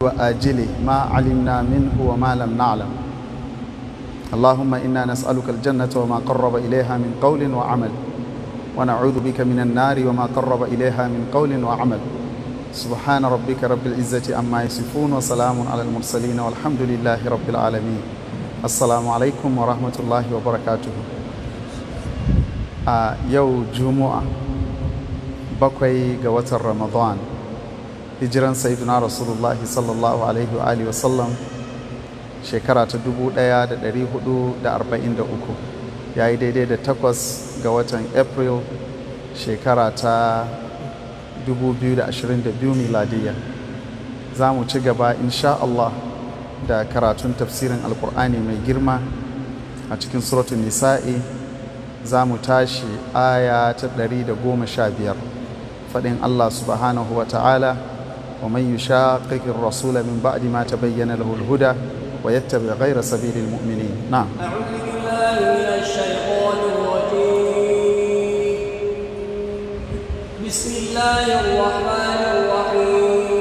وآجله ما علمنا منه وما لم نعلم اللهم إنا نسألك الجنة وما قرب إليها من قول وعمل ونعوذ بك من النار وما قرب إليها من قول وعمل سبحان ربك رب العزة أما يصفون وسلام على المرسلين والحمد لله رب العالمين السلام عليكم ورحمة الله وبركاته آه، يو جمعة بقي قوة رمضان hijiran sayyidina rasulullahi sallallahu alaihi wa alihi wasallam shekara ta 1443 ya yi daidai da takwas ga watan april shekara ta 2022 miladiyya za mu ci gaba insha Allah da karatun tafsirin alkur'ani mai girma a cikin suratun nisa'i za mu tashi aya ta da goma sha biyar. faɗin Allah subhanahu wa ta'ala ومن يشاقق الرسول من بعد ما تبين له الهدى ويتبع غير سبيل المؤمنين نعم أعوذ بالله من الشيطان الرجيم بسم الله الرحمن الرحيم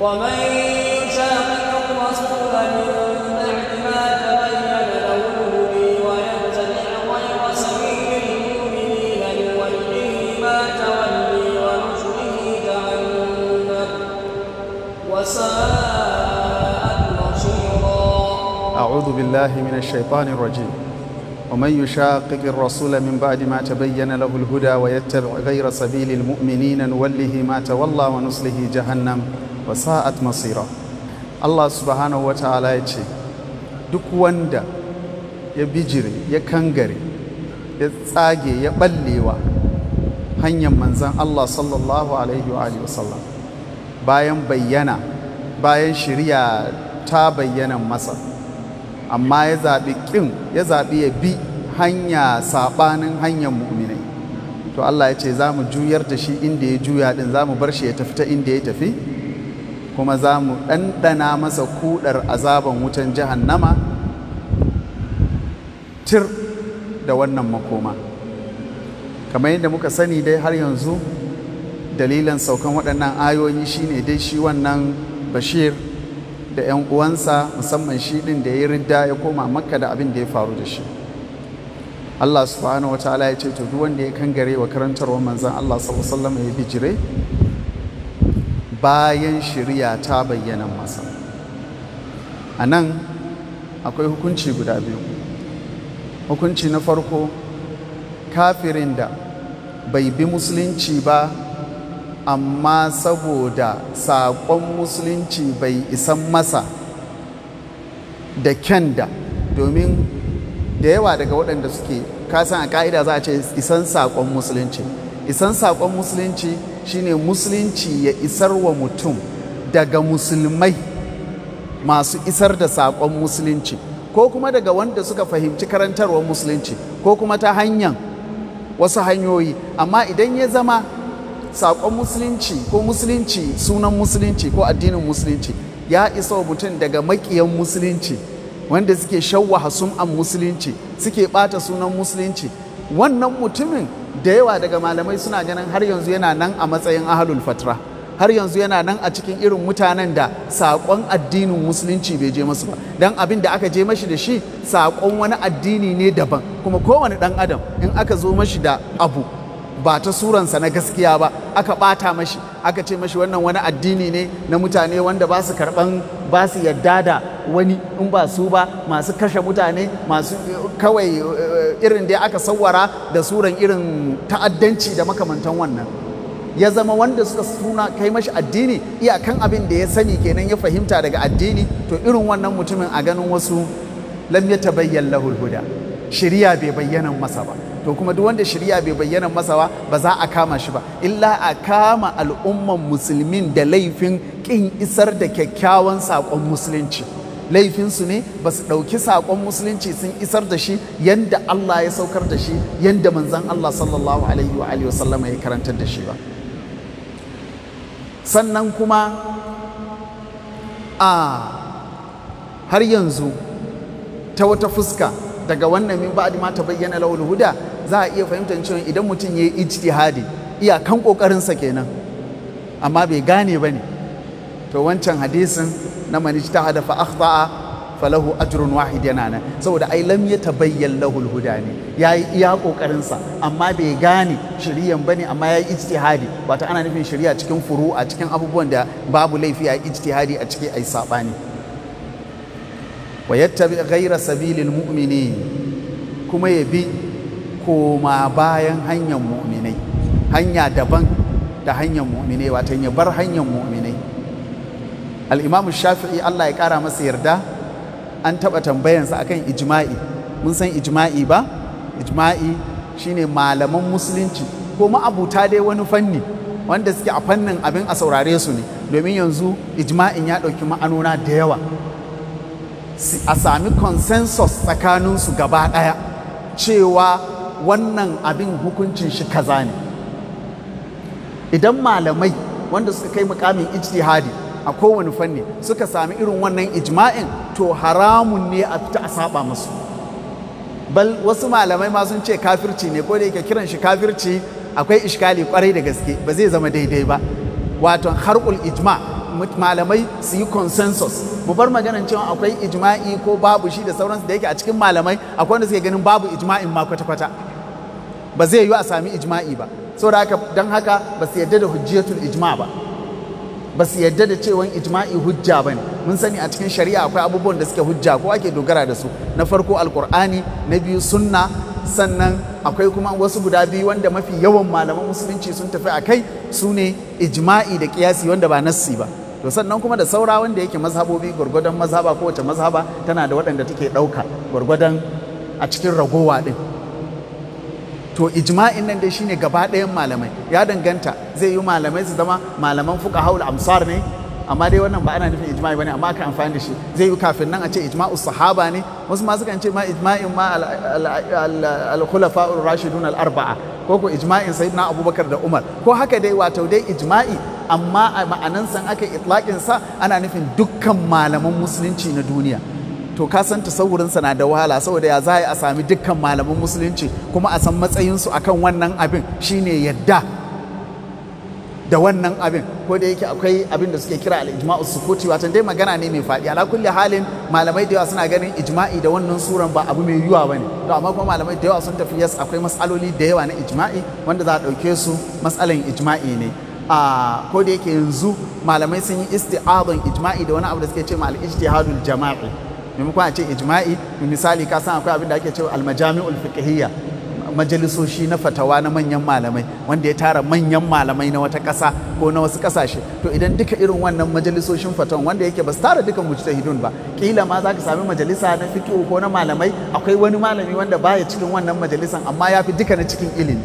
ومن يشاقق الرسول من أعوذ بالله من الشيطان الرجيم ومن يشاقق الرسول من بعد ما تبين له الهدى ويتبع غير سبيل المؤمنين نوله ما تولى ونصله جهنم وساءت مصيرا الله سبحانه وتعالى يتشي duk wanda ya bijire ya kangare ya tsage ya ballewa hanyar manzan Allah sallallahu alaihi wa sallam bayan bayyana bayan shirya ta bayyana masa amma ya zaɓi ƙin ya zaɓi ya bi hanya saɓanin hanyar mu'minai to Allah ya ce za mu juyar da shi inda ya juya ɗin za mu bar shi ya tafi ta inda ya tafi kuma za mu ɗanɗana masa kuɗar azaban wutan jihan nama, tir da wannan makoma kamar yadda muka sani dai har yanzu dalilan saukan waɗannan ayoyi shine dai shi wannan bashir da 'yan uwansa musamman shi ɗin da ya yi ridda ya koma makka da abin da ya faru da shi Allah subhanahu wa ta'ala ya ce to duk wanda ya kangare wa karantarwar manzan Allah sallallahu alaihi ya bi bijire bayan shirya ta bayyana masa a nan akwai hukunci guda biyu hukunci na farko kafirin da bai bi musulunci ba amma saboda saƙon musulunci bai isan masa da kyanda domin da yawa daga waɗanda suke kasan a ƙa'ida za a ce isan saƙon musulunci isan saƙon musulunci shine musulunci ya isar wa mutum daga musulmai masu isar da saƙon musulunci ko kuma daga wanda suka fahimci karantarwar musulunci ko kuma ta hanyar wasu hanyoyi amma idan ya zama saƙon musulunci ko musulunci sunan musulunci ko addinin musulunci ya isa wa mutum daga makiyan musulunci wanda suke shawwaha sum'an musulunci suke ɓata sunan musulunci wannan mutumin da yawa daga malamai suna ganin har yanzu yana nan a matsayin ahalul fatra har yanzu yana nan a cikin irin mutanen da saƙon addinin musulunci bai je masu ba don abin da aka je mashi da shi saƙon wani addini ne daban kuma kowane ɗan adam in aka zo mashi da abu ba ta suransa na gaskiya ba aka ɓata mashi aka ce mashi wannan wani addini ne na mutane wanda ba su karɓan ba su yarda da wani in ba su ba masu kashe mutane masu kawai eh, irin da aka sawara da suran irin ta'addanci da makamantan wannan ya zama wanda suka suna kai mashi addini iyakan abin da ya sani kenan ya fahimta daga addini to irin wannan mutumin a ganin wasu lam ya tabayyan lahul huda shiriya bai bayyana masa ba to kuma duk wanda shari'a bai bayyana masa ba ba za a kama shi ba illa a kama al'umman musulmin da laifin kin isar da kyakkyawan sakon musulunci laifinsu ne ba su ɗauki sakon musulunci sun isar da shi yanda Allah ya saukar da shi yanda manzon Allah sallallahu alaihi wa alihi wasallam ya karantar da shi ba sannan kuma a har yanzu ta wata fuska daga wannan min ba'di ma ta bayyana lawul huda za a iya fahimtar cewa idan mutum ya yi ijtihadi iyakan ƙoƙarinsa kenan amma bai gane ba ne to wancan hadisin na man hada fa akhta'a falahu ajrun wahid yana nan saboda ai lam tabayyan lahul huda ne yayi iya kokarinsa amma bai gane shiriyan bane amma yayi ijtihadi Wata ana nufin shirya cikin furu a cikin abubuwan da babu laifi a ijtihadi a ciki ai sabani wa yattabi ghayra sabilil mu'minin kuma ya bi koma bayan hanyar mu'minai hanya daban da hanyar mu'minai watan ya bar hanyar mu'minai al'imamu shafi'i Allah ya ƙara masa yarda an taɓa tambayansa akan ijma'i mun san ijma'i ba ijma'i shine malaman musulunci ko ma'abuta dai wani fanni wanda suke a fannin abin a saurare su ne domin yanzu ijma'in ya ɗauki ma'anona da yawa a sami consensus tsakaninsu gaba ɗaya cewa wannan abin hukuncin shi kaza ne idan malamai wanda suka kai mukamin ijtihadi a kowane fanni suka sami irin wannan ijma'in to haramun ne a fita a saba musu bal wasu malamai ma sun ce kafirci ne ko da yake kiran shi kafirci akwai ishkali kwarai da gaske ba zai zama daidai ba wato harkul ijma malamai su yi consensus mu bar maganan cewa akwai ijma'i ko babu shi da sauransu da yake a cikin malamai akwai wanda suke ganin babu ijma'in ma kwata-kwata ba zai yi a sami ijma'i ba saboda haka don haka ba su yadda da hujjiyatul ijma ba ba su yadda da cewan ijma'i hujja ba ne mun sani a cikin shari'a akwai abubuwan da suke hujja ko ake dogara da su na farko alkur'ani na biyu sunna sannan akwai kuma wasu guda biyu wanda mafi yawan malaman musulunci sun tafi a kai su ne ijma'i da kiyasi wanda ba nassi ba to sannan kuma da saura wanda yake mazhabobi gwargwadon mazhaba ko wace mazhaba tana da waɗanda take ɗauka gwargwadon a cikin ragowa ɗin to ijma'in nan dai shine gaba ɗayan malamai ya danganta zai yi malamai su zama malaman fuka haul amsar ne amma dai wannan ba ana nufin ijma'i bane amma aka amfani da shi zai yi kafin nan a ce ijma'u sahaba ne wasu ma sukan ce ma ijma'in ma al-khulafa'ur rashidun al-arba'a ko ko ijma'in sayyidina abubakar da umar ko haka dai wato dai ijma'i amma a ma'anan san aka itlaqin sa ana nufin dukkan malaman musulunci na duniya to ka san tasawurinsa na da wahala saboda ya za a sami dukkan malaman musulunci kuma a san matsayinsu akan wannan abin shine yadda da wannan abin ko da yake akwai abin da suke kira al-ijma'u sukuti wato dai magana ne mai faɗi ala kulli halin malamai da yawa suna ganin ijma'i da wannan suran ba abu mai yiwuwa bane to amma kuma malamai da yawa sun tafi yas akwai masaloli da yawa na ijma'i wanda za a ɗauke su masalan ijma'i ne a ko da yake yanzu malamai sun yi isti'adun ijma'i da wani abu da suke ce ma al-ijtihadul jama'i maimakon a ce ijma'i misali ka san akwai abin da ake cewa almajami'ul fiqhiyya majalisoshi na fatawa na manyan malamai wanda ya tara manyan malamai na wata ƙasa ko na wasu ƙasashe to idan duka irin wannan majalisoshin fatawa, wanda yake ba su tara duka mujtahidun ba kila ma za ka sami majalisa na fiqh ko na malamai akwai wani malami wanda baya cikin wannan majalisan amma ya fi duka na cikin ilimi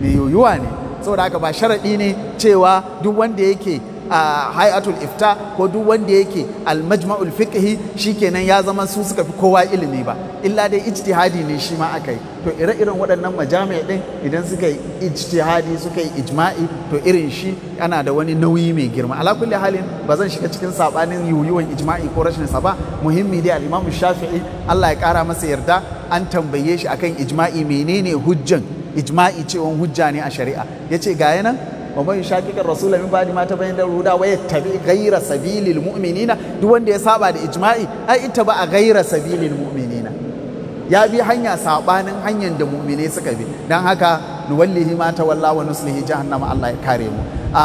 Me yoyuwa ne saboda haka ba sharaɗi ne cewa duk wanda yake a hayatul ifta ko duk wanda yake almajma'ul fiqhi shikenan ya zama su suka fi kowa ilimi ba illa dai ijtihadi ne shi ma aka yi to ire-iren waɗannan majami'a din idan suka yi ijtihadi suka yi ijma'i to irin shi ana da wani nauyi mai girma ala kulli halin ba zan shiga cikin sabanin yuyuwan ijma'i ko rashin sa ba muhimmi dai al-Imam Shafi'i Allah ya kara masa yarda an tambaye shi akan ijma'i menene hujjan ijma'i cewa hujja ne a shari'a yace ga yanan wa man yushaqiqir rasul min ba'di ma da ruda wa yattabi gaira sabilin mu'minina duk wanda ya saba da ijma'i ai ita ba a gaira sabilin mu'minina ya bi hanya sabanin hanyar da mu'mine suka bi dan haka nuwallihi ma ta wa nuslihi jahannama Allah ya kare mu a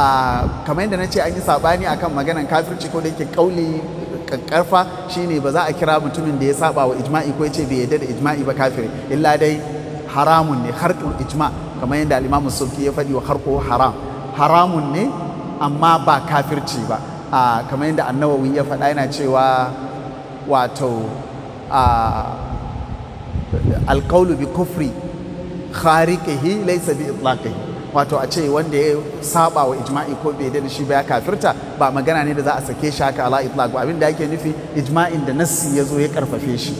kamar yadda ce an yi sabani akan maganan kafirci ko da yake kauli karfa shine ba za a kira mutumin da ya saba wa ijma'i ko ya ce bai yarda da ijma'i ba kafiri illa dai haramun ne harkul ijma' kamar yadda al sauki ya faɗi wa harko haram haramun ne amma ba kafirci ba a kamar yadda annawawi ya faɗa yana cewa wato alkaulu bi kufri khariqihi laysa bi itlaqihi wato a ce wanda ya saba wa ijma'i ko bai da shi ba ya kafirta ba magana ne da za a sake shi haka ala itlaq abin da yake nufi ijma'in da nassi ya zo ya karfafe shi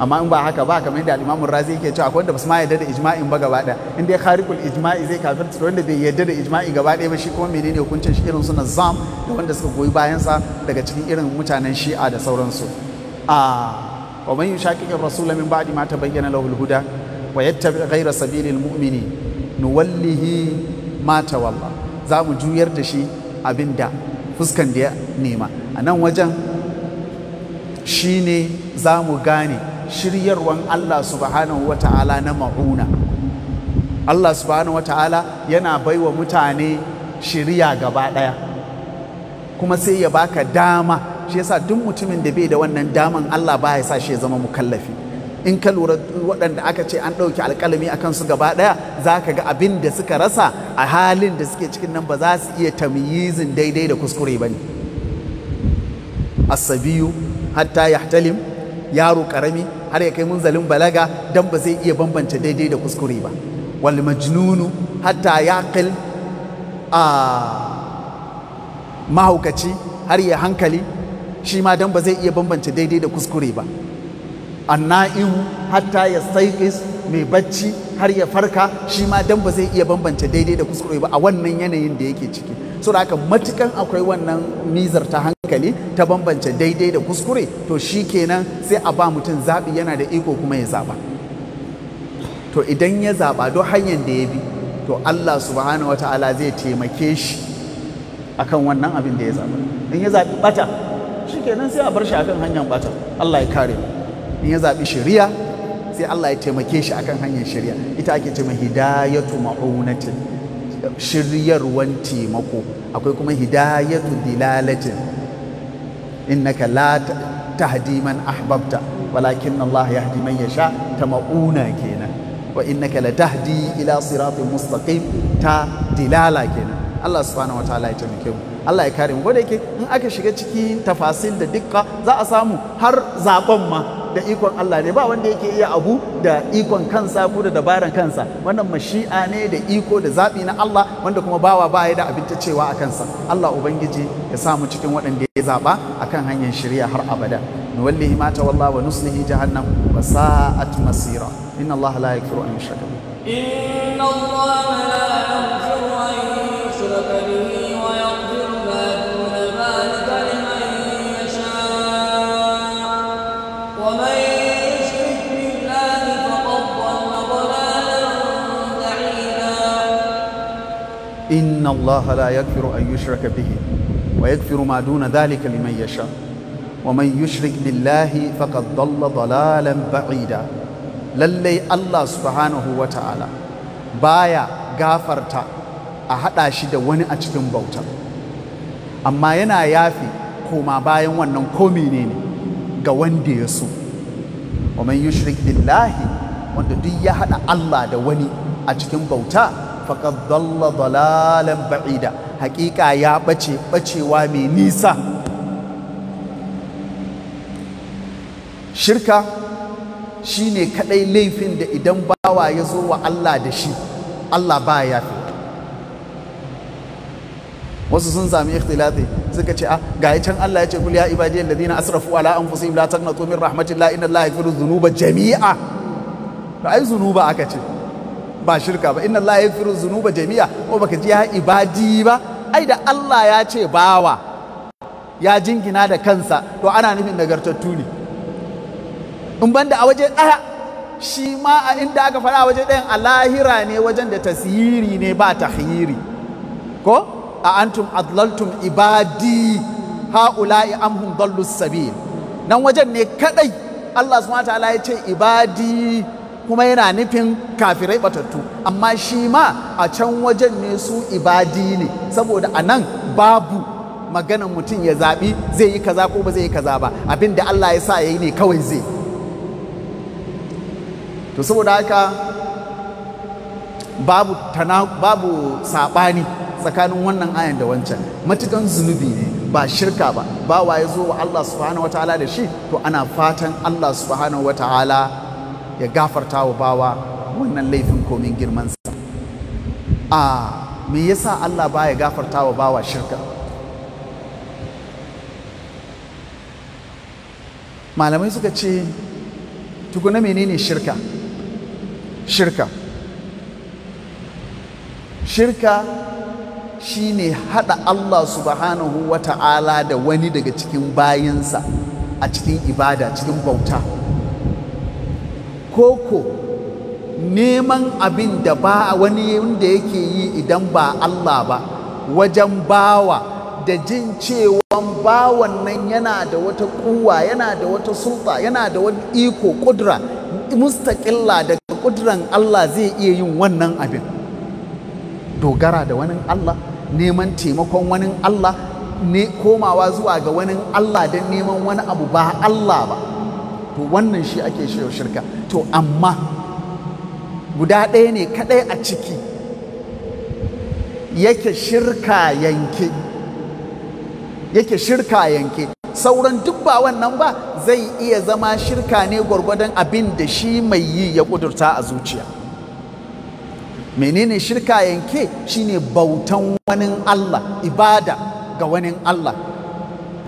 amma in ba haka ba kamar yadda al'imamun Razi yake cewa akwai wanda ba su ma yadda da ijma'in ba gaba ɗaya in dai kharikul ijma'i zai to wanda bai yadda da ijma'i gaba ɗaya ba shi kuma menene hukuncin shi irin su zam da wanda suka goyi bayan sa daga cikin irin mutanen Shi'a da sauransu a wa man yushaqiqi ar-rasula min ba'di ma tabayyana lahu al-huda wa yattabi ghayra sabili al-mu'mini nuwallihi ma tawalla za mu juyar da shi abinda fuskan da ya nema a nan wajen shine za mu gane shiryarwan Allah subhanahu ta'ala na ma'una Allah subhanahu ta'ala yana baiwa mutane shirya gaba ɗaya kuma sai ya baka dama shi yasa duk mutumin da bai da wannan daman Allah ba ya sa shi ya zama mukallafi in ka lura waɗanda aka ce an ɗauki alƙalami a kansu gaba ɗaya za ka ga abin da suka rasa a halin da suke cikin nan ba za su iya tamyizin daidai da kuskure ba ne asabiyu hatta yahtalim yaro ƙarami har ya kai munzalin balaga dan ba zai iya bambance daidai da kuskure ba wal majnunu hatta yaqil a mahaukaci har ya hankali shi ma dan ba zai iya bambance daidai da kuskure ba anna'ihu hatta ya saikis mai bacci har ya farka shi ma dan ba zai iya bambance daidai da kuskure ba a wannan yanayin da yake ciki so haka matukan akwai wannan mizar ta hankali ta bambance daidai da kuskure to shi kenan sai a ba mutum zaɓi yana da iko kuma ya zaɓa to idan ya zaɓa don hanyar da ya bi to Allah subhanahu ta'ala zai taimake shi akan wannan abin da ya zaɓa in ya zaɓi ɓata shi kenan sai a bar shi akan hanyar ɓata Allah ya kare in ya zaɓi shari'a sai Allah ya taimake shi akan hanyar shari'a ita ake ce hidayatu ma'unatin shiryarwan taimako akwai kuma hidayatu dilalatin innaka la tahdi man ahbabta walakin Allah yahdi man yasha ta mauna kenan wa innaka la tahdi ila siratin mustaqim ta dilala kenan Allah subhanahu wataala ya taimake mu Allah ya kare mu ko yake in aka shiga cikin tafasil da dukka za a samu har zaben ma da ikon Allah ne ba wanda yake iya abu da ikon kansa ko da dabaran kansa wannan mashi'a ne da iko da zaɓi na Allah wanda kuma bawa ba ya da abin ta cewa a kansa Allah ubangiji ya samu cikin waɗanda ya zaɓa akan hanyar shirya har abada nuwallihi ma walla wa nuslihi jahannam wa sa'at masira inna Allah la yaghfiru an yushraka bihi inna Allah la inna allaha la yaghfiru bihi wa yaghfiru ma duna dhalika liman yasha yushrik billahi faqad ba'ida lallai Allah subhanahu wa ta'ala baya gafarta a haɗa shi da wani a cikin bauta amma yana yafi koma bayan wannan komai ne ga wanda ya so wa man billahi wanda duk ya haɗa Allah da wani a cikin bauta faqad dalla dalalan ba'ida haƙiƙa ya ɓace ɓacewa mai nisa shirka shine kaɗai laifin da idan bawa ya zo wa Allah da shi Allah ba ya fi wasu sun sami ikhtilati suka ce a ah, ga can Allah ya ce kul ya ibadiyal ladina asrafu ala anfusihim la taqnatu min rahmatillah inna Allah yaghfiru dhunuba jami'a to ai zunuba aka ce ba shirka ba inna Allah yaghfiru dhunuba jami'a ko baka ji ya ibadi ba ai da Allah ya ce bawa ya jingina da kansa to ana nufin nagartattu ne in banda a waje ɗaya shi ma a inda aka faɗa a waje ɗayan a lahira ne wajen da tasiri ne ba tahiri ko a antum adlaltum ibadi ha'ula'i amhum dallu sabil nan wajen ne kaɗai, Allah subhanahu wa ta'ala ya ce ibadi kuma yana nufin kafirai batattu amma shi ma a can wajen ne su ibadi ne saboda a nan babu maganan mutum ya zaɓi zai yi kaza ko ba zai yi kaza ba abin da Allah ya sa ya yi ne kawai zai to saboda haka babu tana babu saɓani tsakanin wannan ayan da wancan matukan zunubi ne ba shirka ba ba wa ya zo wa Allah subhanahu wataala da shi to ana fatan Allah subhanahu wataala ya gafarta wa bawa wannan laifin komin girmansa a me yasa Allah baya gafarta wa bawa shirka malamai suka ce tukuna menene shirka shirka shirka shine hada Allah subhanahu wa ta'ala da wani daga cikin bayinsa a cikin ibada cikin bauta koko neman abin da ba wani wanda yake yi idan ba Allah ba wajen bawa da jin cewan bawan nan yana da wata kuwa yana da wata sulta yana da wani iko kudura mustaƙilla daga kuduran Allah zai iya yin wannan abin dogara da wani Allah neman taimakon wani Allah ne komawa zuwa ga wani Allah don neman wani abu ba Allah ba to wannan shi ake shiyo shirka to amma guda ɗaya ne kaɗai a ciki yake shirka yanke yake shirka yanke sauran duk ba wannan ba zai iya zama shirka ne gwargwadon abin da shi mai yi ya ƙudurta a zuciya menene shirka yanke shine bautan wani Allah ibada ga wani Allah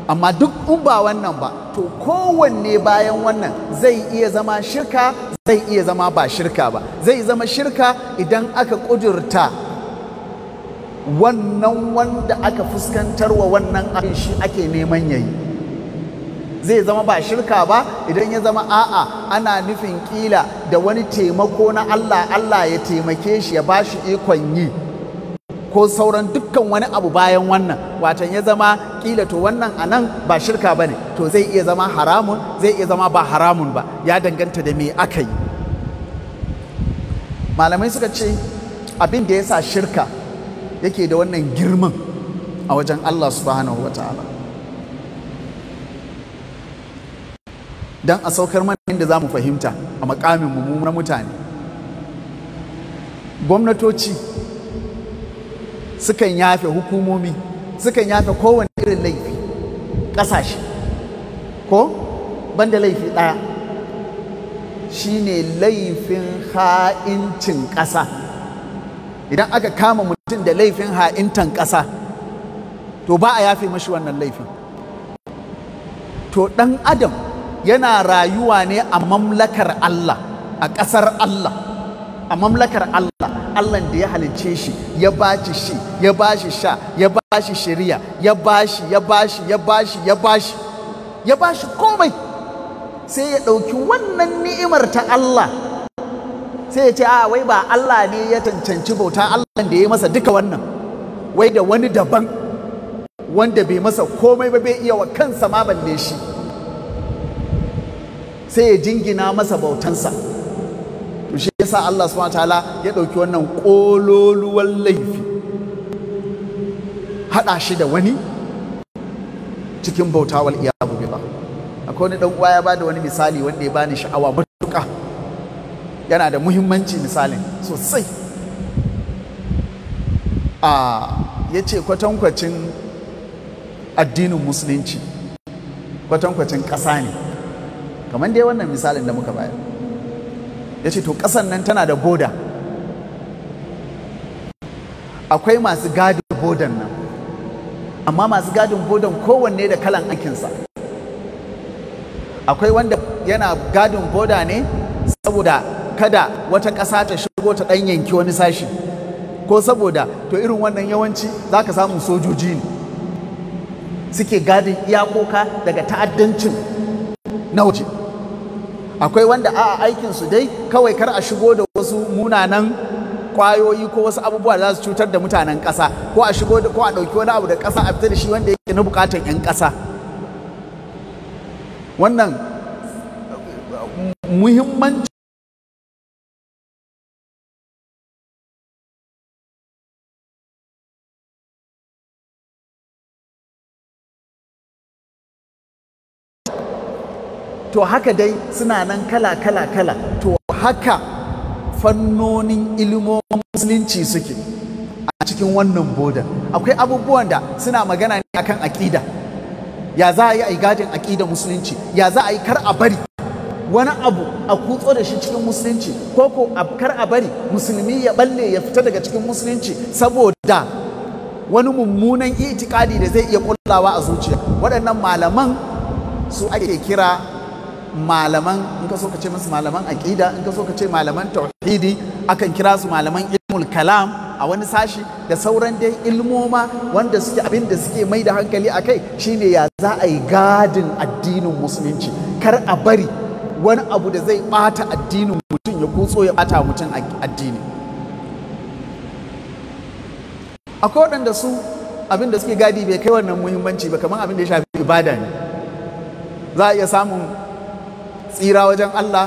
amma duk ba wannan ba to kowanne bayan wannan zai iya zama shirka zai iya zama ba shirka ba zai zama shirka idan aka ƙudurta wannan wanda aka fuskantar wa wannan abin shi ake neman yayi zai zama ba shirka ba idan ya zama a'a ana nufin kila da wani taimako na Allah Allah ya taimake shi ya bashi ikon yi ko sauran dukkan wani abu bayan wannan watan ya zama kila to wannan a nan ba shirka ba ne to zai iya zama haramun zai iya zama ba haramun ba ya danganta da me aka yi malamai suka ce abin da ya sa shirka yake da wannan girman a wajen Allah subhanahu wa ta'ala don a saukar mana inda za mu fahimta a makamin mu na mutane gwamnatoci sukan yafe hukumomi sukan yafe kowane irin laifi ƙasashe ko banda laifi ɗaya ne laifin ha'incin ƙasa idan aka kama mutum da laifin ha'intan ƙasa to ba a yafe mashi wannan laifin to ɗan adam yana rayuwa ne a mamlakar Allah a ƙasar Allah a mamlakar Allah Allah da ya halince shi ya ba shi ya bashi sha ya bashi shari'a ya bashi ya bashi ya bashi ya bashi ya bashi komai sai ya ɗauki wannan ni'imar ta Allah sai ya ce a wai ba Allah ne ya cancanci bauta Allah da ya masa duka wannan wai da wani daban wanda bai masa komai ba bai iya wa kansa ma balle shi sai ya jingina masa bautansa yasa Allah subhanahu ta'ala ya ɗauki wannan kololuwan laifi haɗa shi da wani cikin bauta wal iyabu ba. akwai wani dan uwa ya bada wani misali wanda ya bani sha'awa matuƙa yana da muhimmanci misalin sosai a ya kwatankwacin addinin musulunci kwatankwacin ƙasa ne kamar dai wannan misalin da muka bayar ya ce to ƙasan nan tana da boda akwai masu gadin bodan nan amma masu gadin bodan kowanne da kalan aikinsa akwai wanda yana gadin boda ne saboda kada wata ƙasa ta shigo ta ɗan yanki wani sashi ko saboda to irin wannan yawanci za ka samu sojoji ne suke gadin iyakoka daga ta'addancin na waje akwai wanda a aikin su dai kawai kar a shigo da wasu munanan kwayoyi ko wasu abubuwa da za su cutar da mutanen ƙasa ko a shigo ko a ɗauki wani abu da ƙasa a fita da shi wanda yake na buƙatar 'yan ƙasa wannan muhimmanci. to haka dai suna nan kala kala kala to haka fannonin ilimomin musulunci suke a cikin wannan bodan akwai abubuwan da suna magana ne akan aƙida ya za a yi a gadin akida musulunci ya za a yi kar a bari wani abu a kutso da shi cikin musulunci ko ko kar a bari musulmi ya balle ya fita daga cikin musulunci saboda wani mummunan itikadi da zai iya kullawa a zuciya waɗannan malaman su ake kira malaman in ka so ka ce musu malaman aƙida in ka so ka ce malaman tauhidi akan kira su malaman ilmul kalam a wani sashi da sauran dai ilmoma wanda suke abin da suke mai da hankali a kai shine ya za a yi gadin addinin musulunci kar a bari wani abu da zai bata addinin mutum ya kutso ya bata mutum addini akwai waɗanda su abin da suke gadi bai kai wannan muhimmanci ba kamar abin da ya shafi ibada ne za a iya samun tsira wajen Allah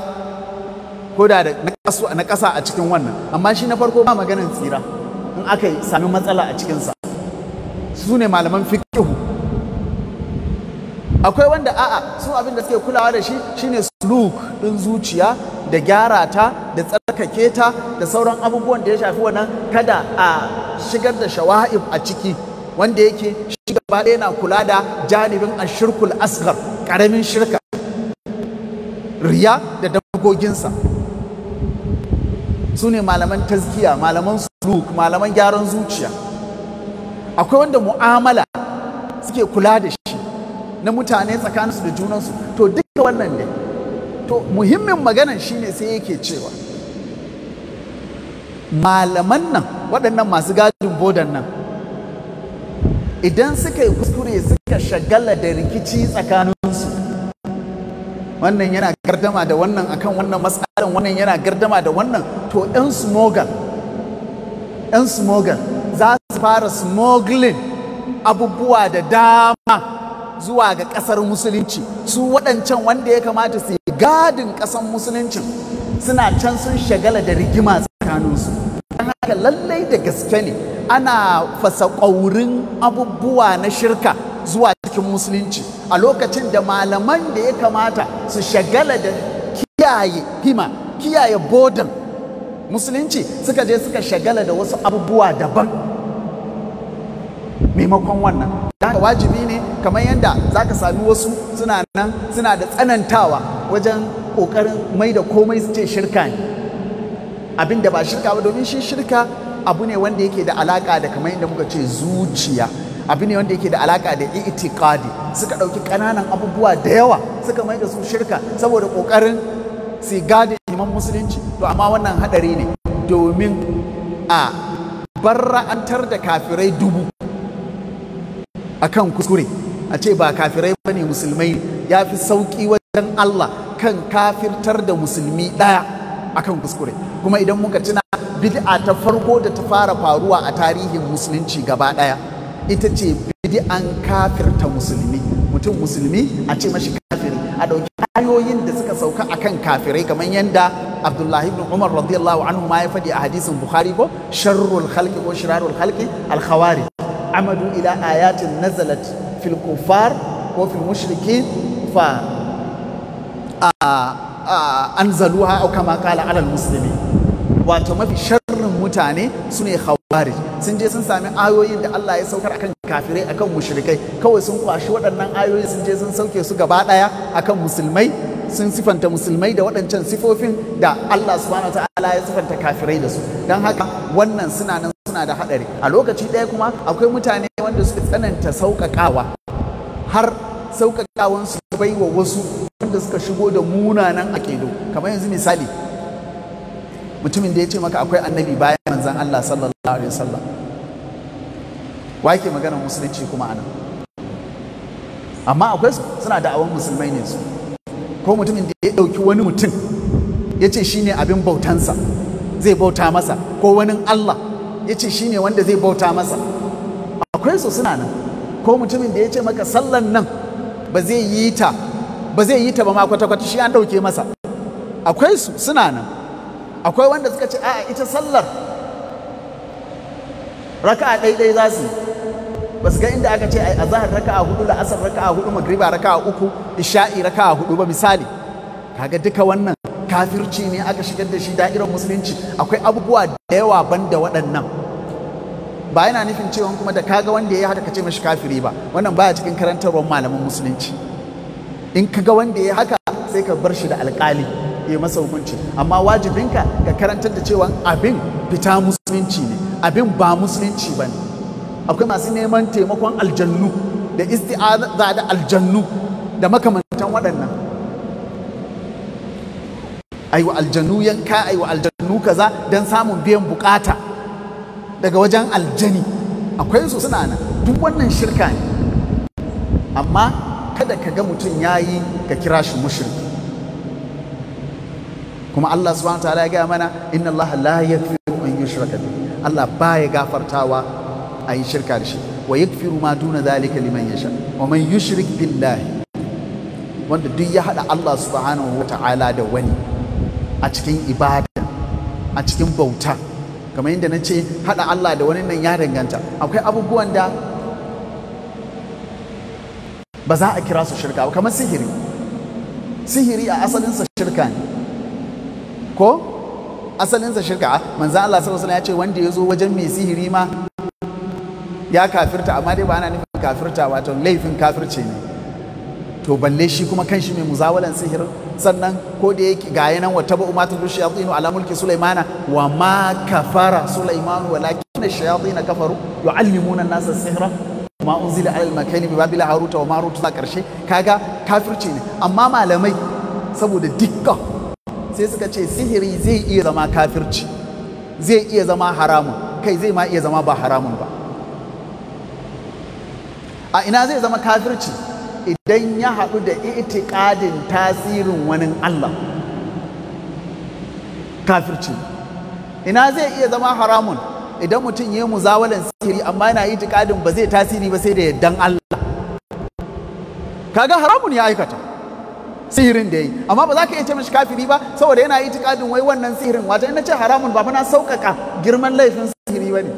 ko da na kasa a cikin wannan amma shi na farko ba maganin tsira in aka sami matsala a cikinsa su ne malaman fikihu akwai wanda a'a su abin da suke kulawa da shi shi ne sluk ɗin zuciya da gyara ta da tsarkake ta da sauran abubuwan da ya shafi wannan kada a shigar da shawa'ib a ciki wanda yake shi gaba ɗaya na kula da janibin ashirkul asgar ƙaramin shirka riya da dabboginsa su ne malaman tazkiya malaman suluk malaman gyaran zuciya akwai wanda mu'amala suke kula da shi na mutane tsakaninsu da junansu to duka wannan ne to muhimmin maganan ne sai yake cewa malaman nan waɗannan masu gadin bodan nan idan suka yi kuskure suka shagala da rikici tsakaninsu wannan yana gardama da wannan akan wannan matsalar wannan yana gardama da wannan to yan smogan yan smogan za su fara smuggling abubuwa da dama zuwa ga ƙasar musulunci su waɗancan wanda ya kamata su yi gadin ƙasar Musulunci, suna can sun shagala da rigima tsakaninsu don haka lallai da gaske ne ana fasa ƙaurin abubuwa na shirka zuwa cikin musulunci a lokacin da malaman da ya kamata su shagala da kiyaye hima kiyaye bodin musulunci suka je suka shagala da wasu abubuwa daban maimakon wannan da wajibi ne kamar yadda za ka sami wasu suna nan suna da tsanantawa wajen ƙoƙarin mai da komai su ce shirka ne abin da ba shirka ba domin shi shirka abu ne wanda yake da alaƙa da kamar yadda muka ce zuciya abin ne wanda yake da alaka da i'tiqadi suka ɗauki ƙananan abubuwa da yawa suka mai da su shirka saboda ƙoƙarin su gadi iman musulunci to amma wannan hadari ne domin a barra'antar da kafirai dubu akan kuskure a ce ba kafirai ba ne musulmai ya fi sauƙi wajen Allah kan kafirtar da musulmi ɗaya akan kuskure kuma idan muka tuna bid'a ta farko da ta fara faruwa a tarihin musulunci gaba ɗaya ita ce bidi an kafirta musulmi mutum musulmi a ce mashi kafiri a ɗauki ayoyin da suka sauka a kan kafirai kamar yadda Abdullahi ibn Umar radiyallahu anhu ma ya faɗi a hadisin Bukhari ko sharrul khalqi ko shirarul Halki al khawari amadu ila ayatin nazalat fil kufar ko fil mushriki fa anzaluha au kama qala alal muslimi wato mafi mutane su ne sun je sun sami ayoyin da Allah ya saukar akan kafirai akan mushrikai kawai sun kwashi waɗannan ayoyin sun je sun sauke su gaba ɗaya akan musulmai sun sifanta musulmai da waɗancan sifofin da Allah subhanahu ta'ala ya sifanta kafirai da su don haka wannan suna nan suna da haɗari a lokaci ɗaya kuma akwai mutane wanda suka tsananta sauƙaƙawa har sauƙaƙawansu bai wa wasu wanda suka shigo da munanan aƙidu kamar yanzu misali mutumin da ya ce maka akwai annabi bayan manzan Allah sallallahu alaihi wasallam wake magana musulunci kuma ana. amma akwai suna da awon musulmai ne su ko mutumin da ya ɗauki wani mutum ya ce shi ne abin bautansa zai bauta masa ko wani Allah ya ce shi ne wanda zai bauta masa akwai su suna nan ko mutumin da ya ce maka sallan nan ba zai yi ta ba zai yi ta ba ma kwata-kwata shi an ɗauke masa akwai su suna nan akwai wanda suka ce a'a ita sallar raka'a ɗaiɗai za su ba su ga inda aka ce a zahar raka'a hudu la'asar raka'a hudu magriba raka'a uku isha'i raka'a hudu ba misali kaga duka wannan kafirci ne aka shigar da shi da'irar musulunci akwai abubuwa da yawa banda waɗannan ba yana nufin cewa kuma da kaga wanda ya yi haka ka ce mashi kafiri ba wannan baya cikin karantarwar malaman musulunci in kaga wanda ya yi haka sai ka bar shi da alƙali ya masa hukunci amma wajibinka ka karantar da cewa abin fita musulunci ne abin ba musulunci ba ne akwai masu neman taimakon aljannu da isti'aza da aljannu da makamantan waɗannan aiwa aljannu yanka aiwa aljannu kaza don samun biyan bukata daga wajen aljani akwai su suna nan duk wannan shirka ne amma kada ka ga mutum ya yi ka kira shi mushirki kuma Allah subhanahu wataala ya gaya mana inna Allah la yaghfiru an yushraka bihi Allah baya gafartawa a yi shirka da shi wa yaghfiru ma duna zalika liman yasha wa man yushrik billahi wanda duk ya hada Allah subhanahu ta'ala da wani a cikin ibada a cikin bauta kamar yadda na ce hada Allah da wani nan ya danganta akwai abubuwan da ba za a kira su shirka ba kamar sihiri sihiri a asalinsa shirka ne ko asalinsa shirka manzo Allah sallallahu alaihi ya ce wanda ya zo wajen mai sihiri ma ya kafirta amma dai ba ana nufin kafirta wato laifin kafirce ne to balle shi kuma kanshi mai muzawalan sihirin sannan ko da yake ga yanan wa taba umatun dushi yatinu ala mulki sulaimana wa ma kafara sulaimanu walakin ash-shayatin kafaru yuallimuna an-nasa sihra ma unzila ala al-makani bi babila haruta wa marut za karshe kaga Kafirce ne amma malamai saboda dukkan sai suka ce sihiri zai iya zama kafirci zai iya zama haramun kai zai ma iya zama ba haramun ba a ina zai zama kafirci idan ya haɗu da itikadin tasirin wani Allah kafirci ina zai iya zama haramun idan mutum ya yi muzawalan sihiri amma yana itikadin ba zai tasiri ba sai da yardan Allah kaga haramun ya aikata sihirin da yi amma ba za ka iya ce mishi kafiri ba saboda yana itikadin wai wannan sihirin wato ina ce haramun ba na sauƙaƙa girman laifin sihiri ba ne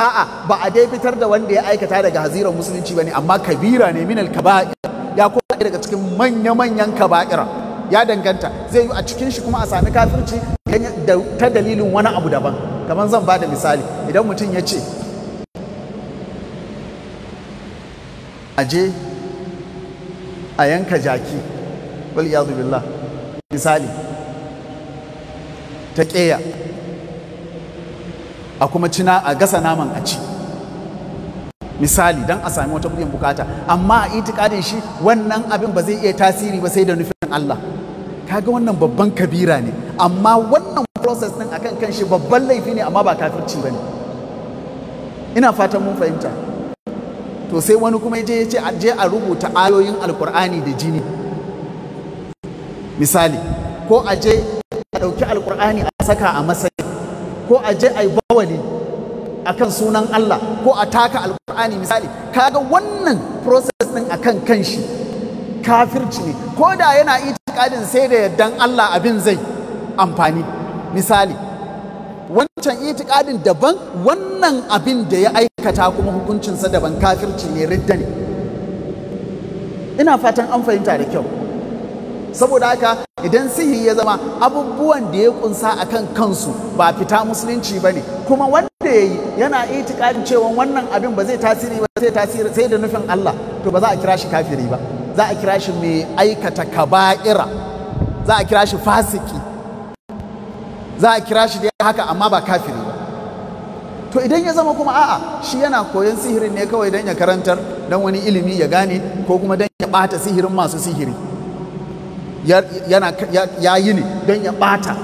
a'a ba a dai fitar da wanda ya aikata daga haziran musulunci ba ne amma kabira ne minal kaba'ir ya kuma daga cikin manya-manyan kaba'ira ya danganta zai yi a cikin shi kuma a sami kafirci ta dalilin wani abu daban kamar zan ba da misali idan mutum ya ce aje a yanka jaki wal yadu billah misali ta ƙeya a kuma cina a gasa naman a ci misali don a sami wata kudin bukata amma a itikadin shi wannan abin ba zai iya tasiri ba sai da nufin Allah kaga wannan babban kabira ne amma wannan process din akan kanshi babban laifi ne amma ba kafin kafirci bane ina fatan mun fahimta to sai wani kuma ya je ya ce a je a rubuta ayoyin alkur'ani da jini misali ko a je a ɗauki alkur'ani a saka a masai ko a je a yi bawali kan sunan Allah ko a taka alkur'ani misali kaga wannan process din kan kanshi kafirci ne ko da yana itikadin sai da yardan Allah abin zai amfani misali wancan itikadin daban wannan abin da ya aikata kuma hukuncinsa daban kafirci ne ridda ne ina fatan an fahimta da kyau saboda haka idan sihi ya zama abubuwan da ya kunsa akan kansu ba fita musulunci ba ne kuma wanda ya yana itikadin cewa wannan abin ba zai tasiri ba zai tasiri sai da nufin Allah to ba za a kira shi kafiri ba za a kira shi mai aikata kaba'ira za a kira shi fasiki za a kira shi da haka amma ba kafiri ba to idan ya zama kuma a'a shi yana koyon sihirin ne kawai don ya karantar don wani ilimi ya gane ko kuma don ya bata sihirin masu sihiri ya yi ne don ya bata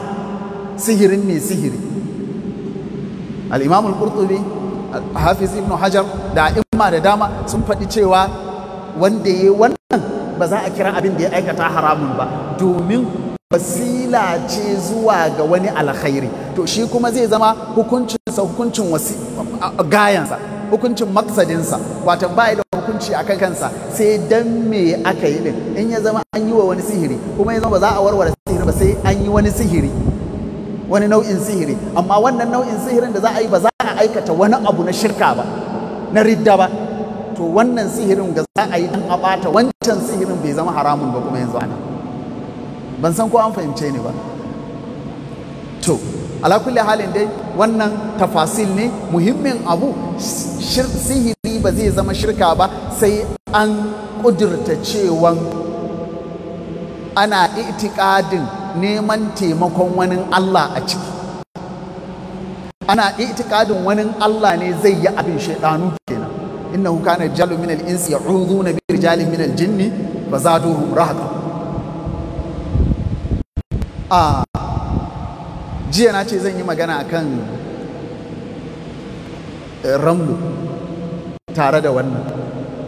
sihirin ne sihiri al'imamul hafiz ibn hajar da imma da dama sun faɗi cewa wanda ya yi wannan ba za a kira abin da ya aikata haramun ba domin wasila ce zuwa ga wani alkhairi to shi kuma zai zama hukuncinsa hukuncin wasi gayansa hukuncin maksadinsa watan ba da hukunci a kansa sai dan me aka yi din in ya zama an yi wa wani sihiri kuma ya zama ba za a warware sihiri ba sai an yi wani sihiri wani nau'in sihiri amma wannan nau'in sihirin da za a yi ba za a aikata wani abu na shirka ba na ridda ba to wannan sihirin ga za a yi dan a wancan sihirin bai zama haramun ba kuma yanzu anan ban san ko an fahimce ni ba to ala kulli halin dai wannan tafasil ne muhimmin abu sihiri ba zai zama shirka ba sai an kudurta cewa ana itikadin neman taimakon wani Allah a ciki ana itikadin wani Allah ne zai yi abin shaidanu kenan innahu kana rijalun minal insi ya'uduna bi rijalin minal jinni fazaduhum rahaqan a jiya na ce zan yi magana akan eh, ramlu tare da wannan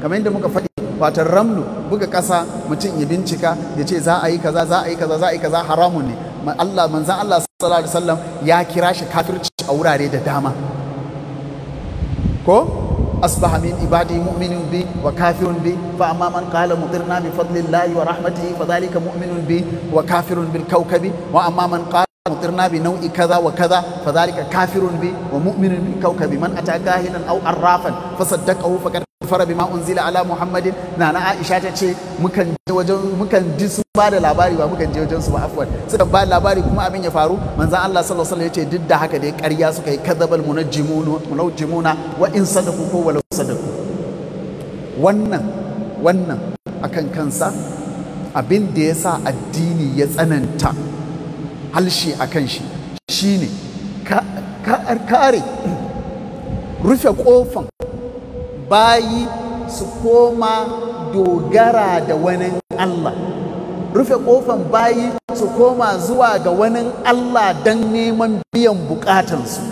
kamar yadda muka faɗi watan ramlu buga ƙasa mutum ya bincika ya ce za a yi kaza za a yi kaza za a yi kaza haramun ne Allah manzan Allah sallallahu alaihi wasallam ya kira shi kafirci a wurare da dama ko أصبح من عبادي مؤمن بي وكافر بي فأما من قال مطرنا بفضل الله ورحمته فذلك مؤمن بي وكافر بالكوكب وأما من قال أمطرنا بنوء كذا وكذا فذلك كافر بي ومؤمن بكوكب من أتى كاهنا أو عرافا فصدقه فقد kafara bima unzila ala muhammadin na na aisha ta ce mukan je wajen mukan ji su ba da labari ba mukan je wajen su ba afwan suka ba labari kuma abin ya faru manzon Allah sallallahu alaihi wasallam yace duk da haka dai ƙarya suka yi kadabal munajjimuna munajjimuna wa in sadaku ko walau sadaku wannan wannan akan kansa abin da yasa addini ya tsananta halshi a kan shi shi ne kare rufe ƙofan bayi su koma dogara da wani Allah rufe ƙofan bayi su koma zuwa ga wani Allah don neman biyan bukatansu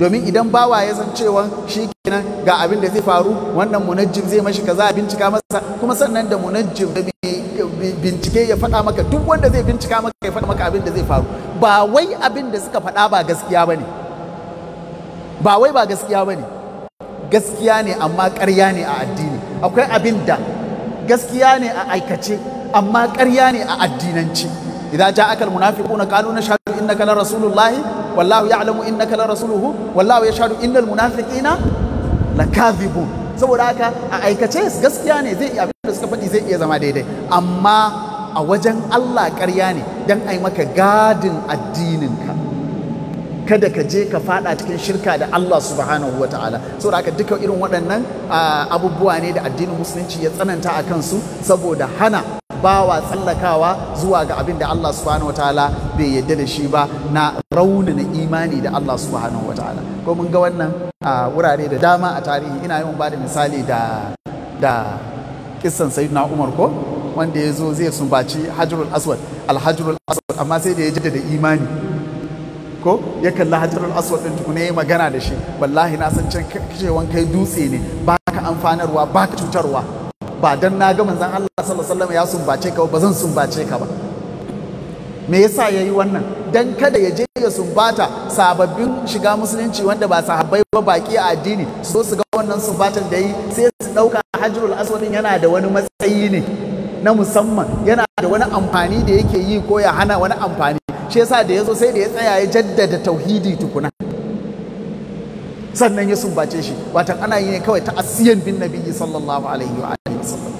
domin idan bawa ya san cewa shi kenan ga abin da zai faru wannan munajjim zai mashi kaza a bincika masa kuma sannan da munajjim da bai bincike ya faɗa maka duk wanda zai bincika maka ya faɗa maka abin da zai faru ba wai abin da suka faɗa ba gaskiya ba ne ba wai ba gaskiya ba ne gaskiya ne amma ƙarya ne a addini akwai abin da gaskiya ne a aikace amma ƙarya ne a addinanci idza ja'aka almunafiquna qalu nashhadu innaka la rasulullah wallahu ya'lamu innaka la rasuluhu wallahu yashhadu innal munafiqina lakathibun saboda haka a aikace gaskiya ne zai iya abin da suka faɗi zai iya zama daidai amma a wajen Allah ƙarya ne dan ai maka gadin addininka kada ka je ka fada cikin shirka da Allah subhanahu ta'ala saboda haka duka irin waɗannan abubuwa ne da addinin musulunci ya tsananta a kansu saboda hana bawa tsallakawa zuwa ga abin da Allah subhanahu wataala bai yadda da shi ba na na imani da Allah subhanahu wataala ko mun ga wannan a wurare da dama a tarihi ina yawan ba da misali da da kissan sayyidina Umar ko wanda ya zo zai sumbaci hajrul aswad alhajrul aswad amma sai da ya jaddada imani ko ya kalli hajarul aswad din tukuna ya magana da shi wallahi na san can cewan kai dutse ne baka amfanarwa baka cutarwa ba dan na ga manzon Allah sallallahu alaihi wasallam ya sumbace ka ba zan sumbace ka ba me yasa yayi wannan dan kada ya je ya sumbata sababbin shiga musulunci wanda ba sahabbai ba baki a addini so su ga wannan sumbatan da yi sai su dauka hajrul aswad yana da wani matsayi ne na musamman yana da wani amfani da yake yi ko ya hana wani amfani shi yasa da yazo sai da ya tsaya ya jaddada tauhidi tukuna sannan ya sumbace shi watan ana yi ne kawai ta asiyan bin nabiyyi sallallahu alaihi wa alihi wasallam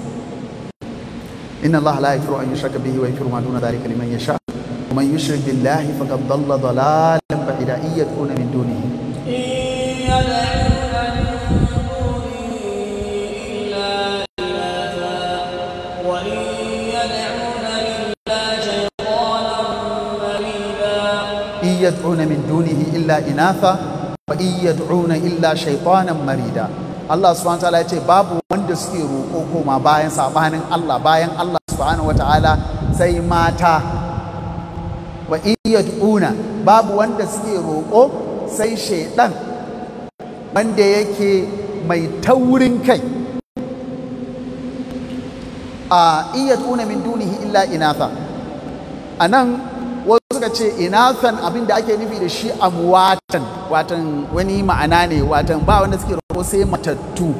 inna Allah la yakru an yushraka bihi wa yakru ma duna dhalika liman yasha wa man yushrik billahi faqad dhalla dhalalan ba'ida iyakuna min dunihi يدعون من دونه إلا إناثا wa yad'una illa shaitanan marida Allah subhanahu wataala ya ce babu wanda suke roƙo koma bayan sabanin Allah bayan Allah subhanahu ta'ala sai mata wa yad'una babu wanda suke roƙo sai shaiɗan wanda yake mai taurin kai a iya tuna min dunihi illa inatha a nan wasu suka ce inathan abin da ake nufi da shi amwatan watan wani ma'ana ne watan ba wanda suke roƙo sai matattu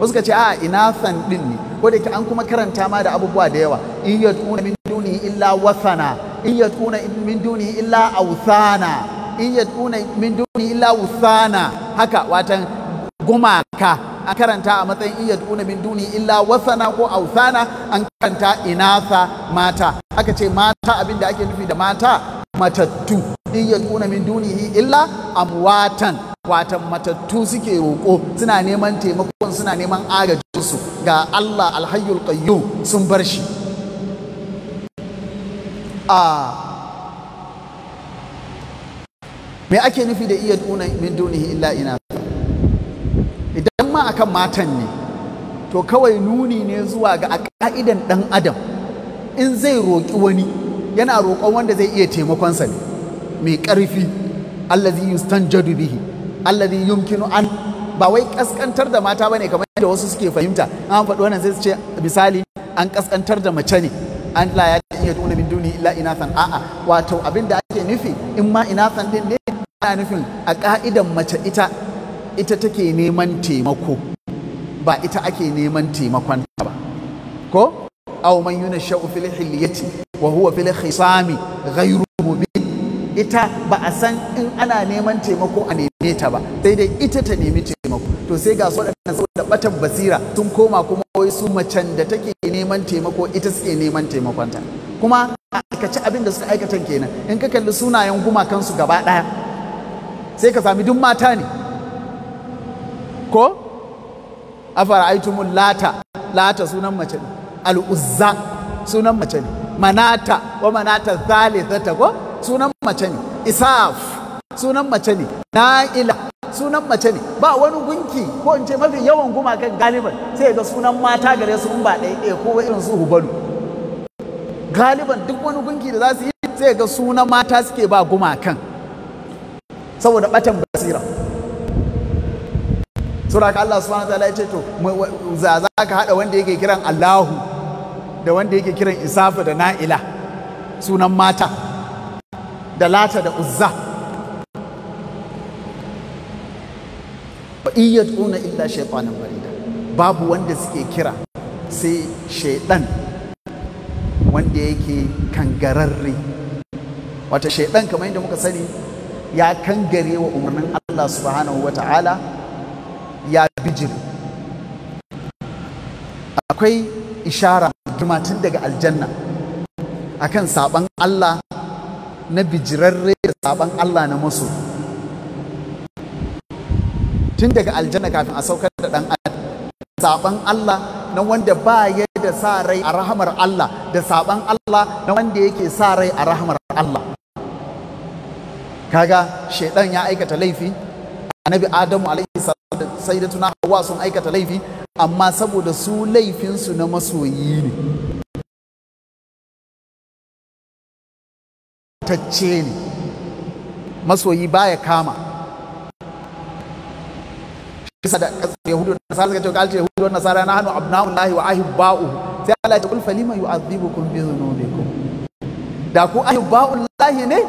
wasu suka ce a inathan din ne ko da an kuma karanta ma da abubuwa da yawa in tuna min duni illa wasana in tuna min duni illa authana in tuna min duni illa wuthana haka watan gumaka An karanta a matsayin iya duna min duni illa wasana ko ausana an karanta inasa mata aka ce mata abinda ake nufi da mata matattu iya duna min duni illa amwatan watan matattu suke roƙo suna neman taimakon suna neman agajinsu ga Allah alhayyul qayyum sun bar shi a me ake nufi da iya duna min duni illa ina idan ma akan matan ne to kawai nuni ne zuwa ga ka'idan ɗan adam in zai roƙi wani yana roƙon wanda zai iya taimakonsa ne mai ƙarfi allazi yustanjadu bihi allazi yumkinu an ba wai kaskantar da mata bane kamar yadda wasu suke fahimta an faɗi wannan zai ce misali an kaskantar da mace ne an la ya iya tuna min duni illa inathan a'a wato abin da ake nufi in ma inathan din ne ana nufin a ka'idan mace ita ita take neman taimako ba ita ake neman taimakon ta ba ko aw man yunashu fil hilyati wa huwa fil khisami ghayru mubin ita ba a san in ana neman taimako a neme ta ba sai dai ita ta nemi taimako to sai ga su waɗannan saboda batan basira tun koma kuma wai su macen da take neman taimako ita suke neman taimakon ta kuma a aikace abin da suka aikatan kenan in ka kalli sunayen gumakansu gaba ɗaya sai ka sami duk mata ne ko afara'aitumul lata lata sunan mace ne al'uzza sunan mace ne manata wa manata zale zata ko sunan mace ne isaf sunan mace ne na'ila sunan mace ne ba wani gunki ko in ce mafi yawan gumakan galiban sai ga sunan mata gare su in ba ɗaya ɗaya ko irin su hubalu galiban duk wani gunki da za su yi sai ga sunan mata suke ba gumakan saboda ɓatan basira saboda Allah subhanahu wataala ya ce to za za ka hada wanda yake kiran Allahu da wanda yake kiran Isafa da Na'ila sunan mata da Lata da Uzza tuna illa shaytanan barida babu wanda suke kira sai shaiɗan wanda yake kangararre wata shaidan kamar yadda muka sani ya kangare wa umarnin Allah subhanahu wa ta'ala bijir akwai ishara girma tun daga aljanna akan saban Allah na bijirarre da saban Allah na maso tun daga aljanna kafin a saukar da dan adam saban Allah na wanda ba ya da sa rai a rahamar Allah da saban Allah na wanda yake sa rai a rahamar Allah kaga shaidan ya aikata laifi annabi Adamu alaihi sayyidatuna hawa sun aikata laifi amma saboda su laifinsu na masoyi ne tacce ne masoyi baya kama kisa da yahudu da nasara suka ce kalce yahudu da nasara na hannu abna'un lahi wa ba'u. sai Allah ya kulfa lima kun bi dhunubikum da ku ahibba'un lahi ne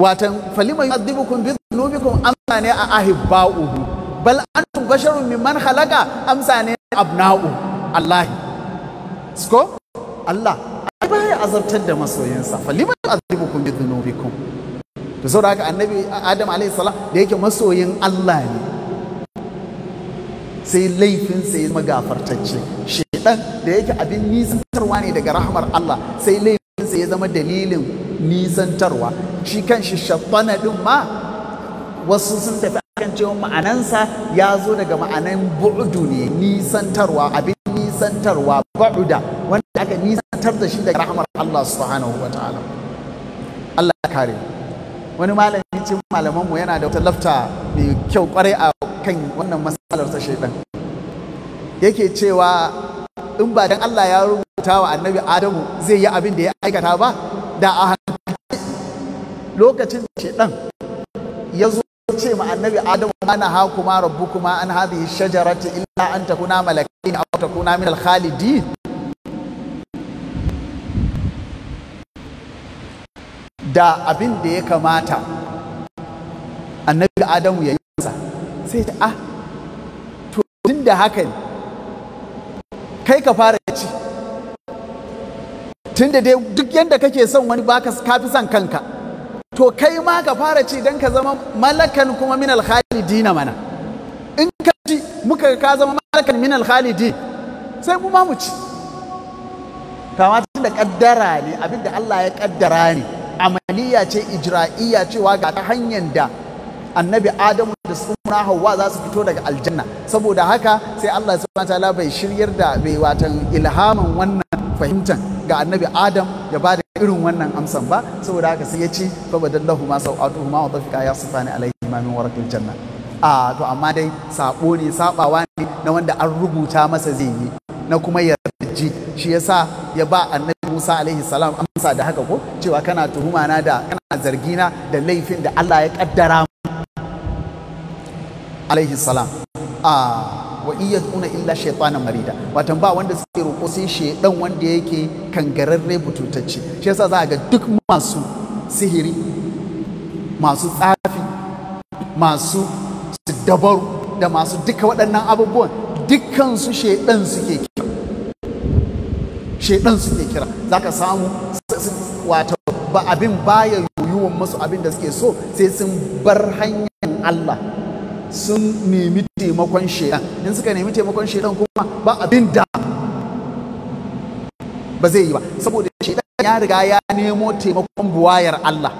watan falima yu'adhibukum bi dhunubikum an ne a ahibba'uhu bal antum basharun mimman khalaqa amsa ne abna'u Allah sko Allah ai ya azabtar da masoyinsa liman azibukum bi dhunubikum to saboda haka annabi Adam alaihi salam da yake masoyin Allah ne sai laifinsa ya magafartacce shedan da yake abin nisantarwa ne daga rahmar Allah sai laifinsa ya zama dalilin nisantarwa shi kan shi shattana din ma wasu sun tafi akan cewa ma'anansa ya zo daga ma'anan bu'udu ne nisantarwa abin nisantarwa ba'uda wanda aka nisantar da shi daga rahamar Allah subhanahu wa ta'ala Allah kare wani malami cikin malaman mu yana da wata lafta mai kyau kwarai a kan wannan masalar ta shaidan yake cewa in ba dan Allah ya rubuta wa annabi Adamu zai yi abin da ya aikata ba da a lokacin shaidan ya zo ce ma annabi adamu ana ha kuma rabbu kuma an hadhihi shajarati illa an takuna malakain aw takuna min al-khalidin da abin da ya kamata annabi adamu ya yi masa sai ta ah to din da haka ne kai ka fara ci tun da dai duk yadda kake son wani baka kafi son kanka to kai ma ka fara ci don ka zama malakan kuma min alhalidina mana in ka ci muka ka zama malakan min alhalidi sai mu ma mu ci kama da kaddara ne abinda Allah ya kaddara ne amaliya ce ijra'iyya cewa ga ta hanyar da annabi Adamu da tsumura Hauwa za su fito daga aljanna saboda haka sai Allah subhanahu wataala bai shiryar da bai watan ilhamin wannan fahimtar ga annabi Adam ya ba da irin wannan amsan ba saboda haka sai ya ci fa badallahu ma sau'atuhu ma wa kaya ya sifani alaihi ma min warqil janna a to amma dai sabo ne sabawa ne na wanda an rubuta masa zai yi na kuma yarji shi yasa ya ba annabi Musa alaihi salam amsa da haka ko cewa kana tuhuma na da kana zargina da laifin da Allah ya kaddara alaihi salam a ah, wa iya tsuna illa shaitana marida watan ba wanda suke roƙo sai shaidan wanda yake kangararre bututacce shi yasa za a ga duk masu sihiri masu tsafi masu dabaru da masu duka waɗannan abubuwan su shaidan suke kira shaidan suke kira za ka samu wata ba abin baya yiwuwan masu abin da suke so sai sun bar hanyar Allah sun nemi taimakon shaidan in suka nemi taimakon shaidan kuma ba abin da ba zai yi ba saboda shaidan ya riga ya nemo taimakon buwayar Allah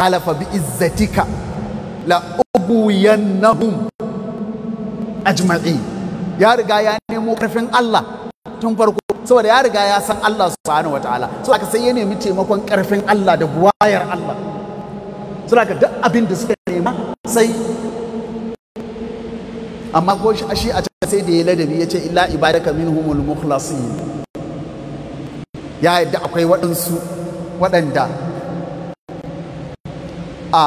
kala fa bi izzatika la ubuyannahum ajma'in ya riga ya nemo karfin Allah tun farko saboda ya riga ya san Allah subhanahu wataala so aka sai ya nemi taimakon karfin Allah da buwayar Allah suna ka duk abin da suka sai amma ko shi a can sai da ya ladabi ya ce illa ibadaka minhumul mukhlasin ya yadda akwai waɗansu waɗanda a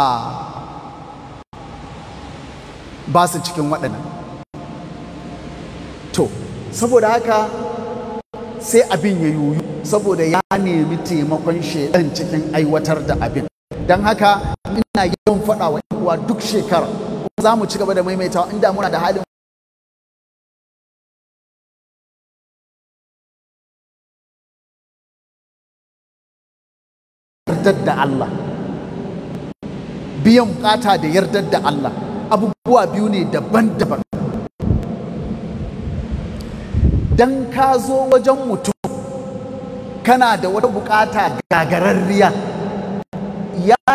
ba su cikin waɗannan to saboda haka sai abin ya yuyu saboda ya nemi taimakon shaidan cikin aiwatar da abin don haka ina yawan faɗa wa uwa duk shekara za mu ci gaba da maimaitawa inda muna da halin yardar da Allah biyan bukata da yardar da Allah abubuwa biyu ne daban-daban dan ka zo wajen mutum kana da wata bukata gagararriya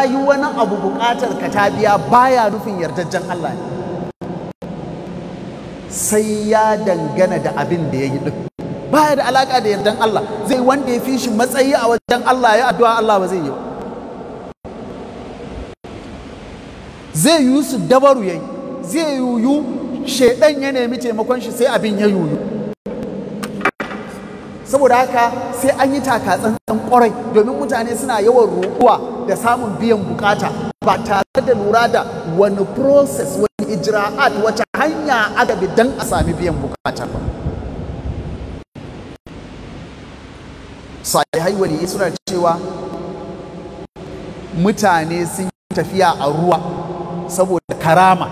yi wani abu bukatar ka ta biya baya nufin yardajjen Allah ne sai ya dangana da abin da ya yi duk baya da alaƙa da yardan Allah zai wanda ya fi shi matsayi a wajen Allah ya addu'a Allah ba zai yi zai yi su dabaru yayi zai yuyu shedan ya nemi taimakon shi sai abin ya yuyu saboda haka sai an yi taka kwarai domin mutane suna yawan roƙuwa da samun biyan bukata ba tare da lura da wani process wani ijra'at wace hanya aka bi don a sami biyan bukata ba sahihai wani suna cewa mutane sun tafiya a ruwa saboda karama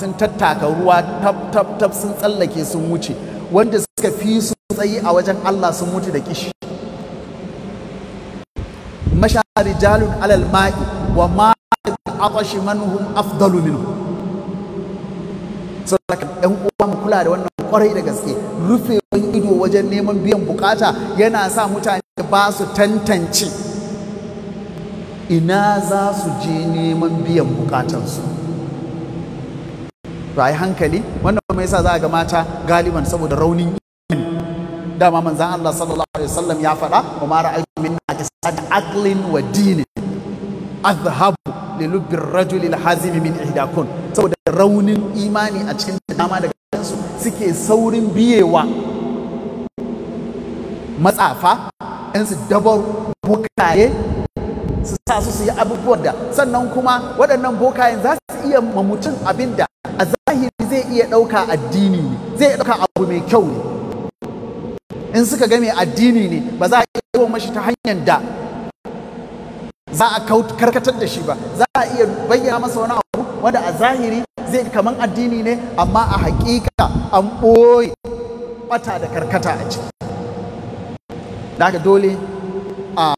sun tattaka ruwa tab tab tab sun tsallake sun wuce wanda suka fi su tsayi a wajen Allah sun mutu da kishi masha rijalun alal ma'i wa ma'i atashi manhum afdalu minhu ɗan uwa mu kula da wannan kwarai da gaske wani ido wajen neman biyan bukata yana sa mutane ba su tantance ina za su je neman biyan bukatansu to ai hankali wannan kuma yasa za ga mata galiban saboda raunin dama manzon Allah sallallahu alaihi wasallam ya faɗa kuma ra'ayi ra'aytu min سعد عقل ودين أذهب للب الرجل الحازم من إحداكن سو Saboda raunin imani a cikin dama daga kansu suke saurin biyewa matsafa ɗan su dabar bokaye su sa su yi abubuwan da sannan kuma waɗannan bokayen za su iya ma mutum abin da a zahiri zai iya ɗauka addini ne zai ɗauka abu mai kyau ne in suka ga addini ne ba za a iya yi mashi ta hanyar da za a karkatar da shi ba za a iya bayyana masa wani abu wanda a zahiri zai kamar addini ne amma a hakika an ɓoye bata da karkata a ciki da dole a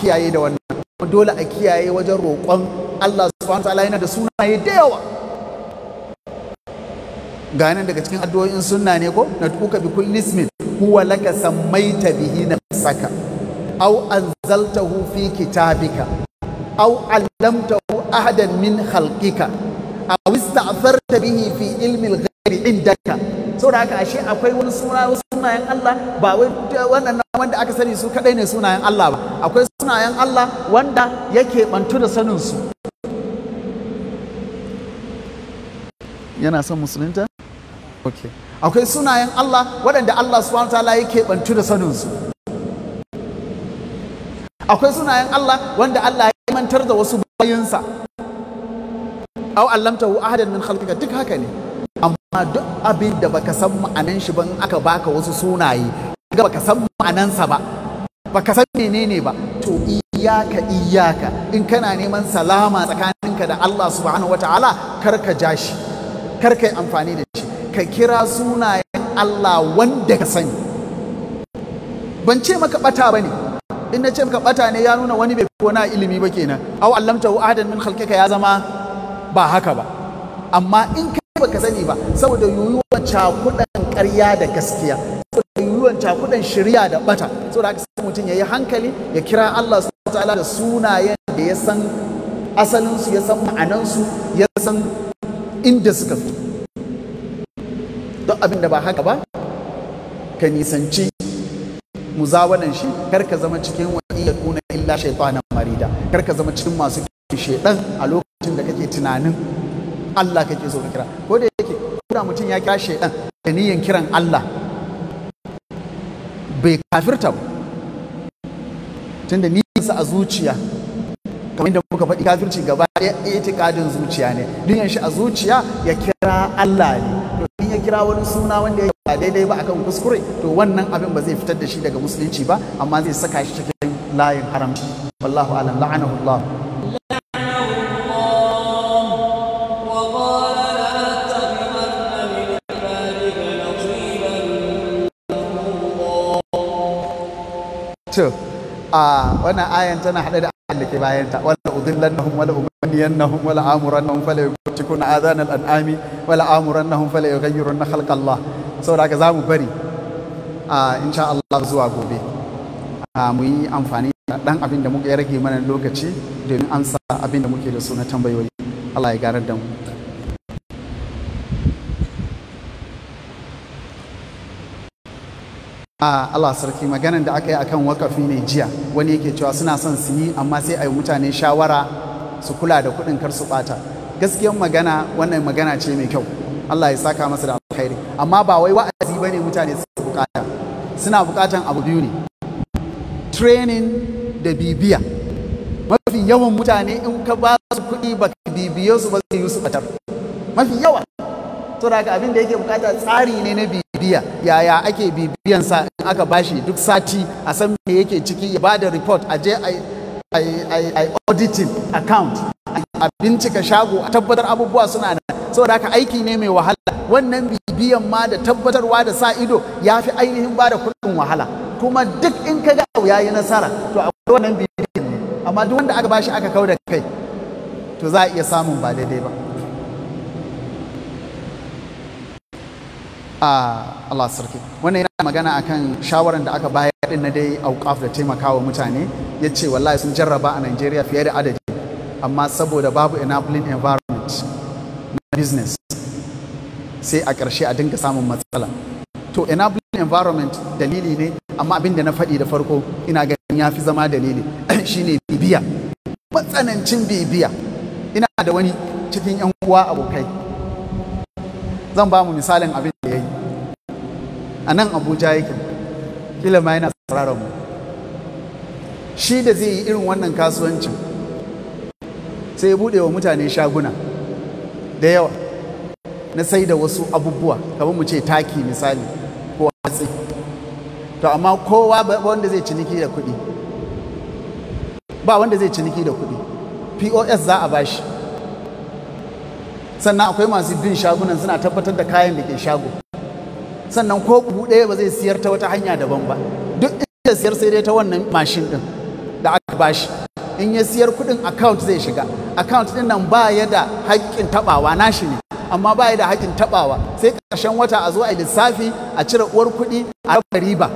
kiyaye da wannan dole a kiyaye wajen roƙon Allah subhanahu wataala yana da sunaye da yawa ga daga cikin addu'o'in sunna ne ko na tuka bi kulli huwa laka sammaita bihi nafsaka aw anzaltahu fi kitabika aw allamtahu ahadan min khalqika aw ista'tharta bihi fi ilmi al-ghaibi indaka saboda haka ashe akwai wani suna sunayen Allah ba wai wannan wanda aka sani su kadai ne sunayen Allah ba akwai sunayen Allah wanda yake bantu da sanin su yana son musulunta okay akwai sunayen Allah waɗanda Allah subhanahu ta'ala yake bantu da saninsu akwai sunayen Allah wanda Allah ya mantar da wasu bayinsa aw allamtahu ahadan min khalqika duk haka ne amma duk abin da baka san ma'anan shi ban aka baka wasu sunaye ga baka san ma'anansa ba baka san menene ba to iyaka iyaka in kana neman salama tsakaninka da Allah subhanahu wataala kar ka ja shi kar ka yi amfani da shi ka kira sunayen Allah wanda ka sani ban ce maka bata bane in na ce maka bata ne ya nuna wani bai ko na ilimi ba kenan aw allamtahu ahadan min khalqika ya zama ba haka ba amma in ka baka sani ba saboda yuyuwan cakudan ƙarya da gaskiya saboda yuyuwan cakudan shirya da bata saboda haka sai mutum yi hankali ya kira Allah subhanahu ta'ala da sunayen da ya san asalin su ya san ma'anan ya san inda suka fito don abin da ba haka ba ka nisanci muzawanan shi kar ka zama cikin wani ya kuna illa shaitana marida kar ka zama cikin masu shaidan a lokacin da kake tunanin Allah kake so ka kira ko da yake kuna mutum ya kira shaidan da niyyar kiran Allah bai kafirta ba tunda niyyarsa a zuciya kamar yadda muka faɗi kafirci gaba ɗaya itikadin zuciya ne duniyar shi a zuciya ya kira Allah ne in ya kira wani suna wanda ya ba daidai ba akan kuskure to wannan abin ba zai fitar da shi daga musulunci ba amma zai saka shi cikin layin haramci wallahu alam la'anahu Allah To, a wannan ayan tana haɗe da ayan da ke bayanta, wala udillannahum wala ولينهم ولا آمرنهم فلا يكون آذان الأنعام ولا آمرنهم فلا يغيرن خلق الله saboda haka za mu bari a insha Allah zuwa gobe a mu yi amfani da dan abin da muka ya rage mana lokaci domin amsa abin da muke da su na tambayoyi Allah ya garar da mu Allah sarki maganan da aka yi akan wakafi ne jiya wani yake cewa suna son su yi amma sai a yi mutane shawara su kula da kuɗin kar su ɓata gaskiyan magana wannan magana ce mai kyau Allah ya saka masa da alkhairi amma ba wai wa'azi bane mutane su bukata suna bukatan abu biyu ne training da bibiya mafi yawan mutane in ka ba su kuɗi ba ka bibiye su ba zai yi su batar mafi yawa to daga abin da yake bukata tsari ne na bibiya yaya ake bibiyan sa in aka bashi duk sati a san me yake ciki ya bada report a je a yi auditing account a bincika shago a tabbatar abubuwa suna nan saboda haka aiki ne mai wahala wannan bibiyan ma da tabbatarwa da sa ido ya fi ainihin ba da kuɗin wahala kuma duk in ka ga ya yi nasara to akwai wannan bibiyan ne amma duk wanda aka bashi aka kau da kai to za a iya samun ba daidai ba a Allah sarki wannan yana magana akan shawaran da aka bayar din na dai auqaf da taimakawa mutane yace wallahi sun jarraba a Najeriya fiye da adadi amma saboda babu enabling environment na business sai a ƙarshe a dinga samun matsala to enabling environment dalili ne amma abin da na faɗi da farko ina ganin ya fi zama dalili shine bibiya matsanancin bibiya ina da wani cikin 'yan uwa abokai zan ba mu misalin abin da ya yi a nan abuja yake kila ma yana sauraron mu shi da zai yi irin wannan kasuwancin sai ya buɗe wa mutane shaguna da yawa na sai da wasu abubuwa kamar mu ce taki misali ko hatsi to amma kowa ba wanda zai ciniki da kuɗi ba wanda zai ciniki da kuɗi pos za a bashi sannan akwai masu bin shagunan suna tabbatar da kayan da ke shago sannan ko buhu ɗaya ba zai siyar ta wata hanya daban ba duk inda siyar sai dai ta wannan mashin ɗin da aka bashi in ya siyar kuɗin account zai shiga account ɗin nan ba ya da haƙƙin taɓawa nashi ne amma ba ya da haƙƙin taɓawa sai ƙarshen wata a zo a yi lissafi a cire uwar kuɗi a raba riba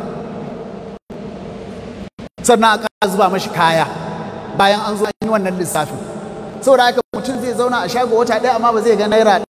sannan a zuba mashi kaya bayan an zo an yi wannan lissafin saboda haka mutum zai zauna a shago wata ɗaya amma ba zai ga naira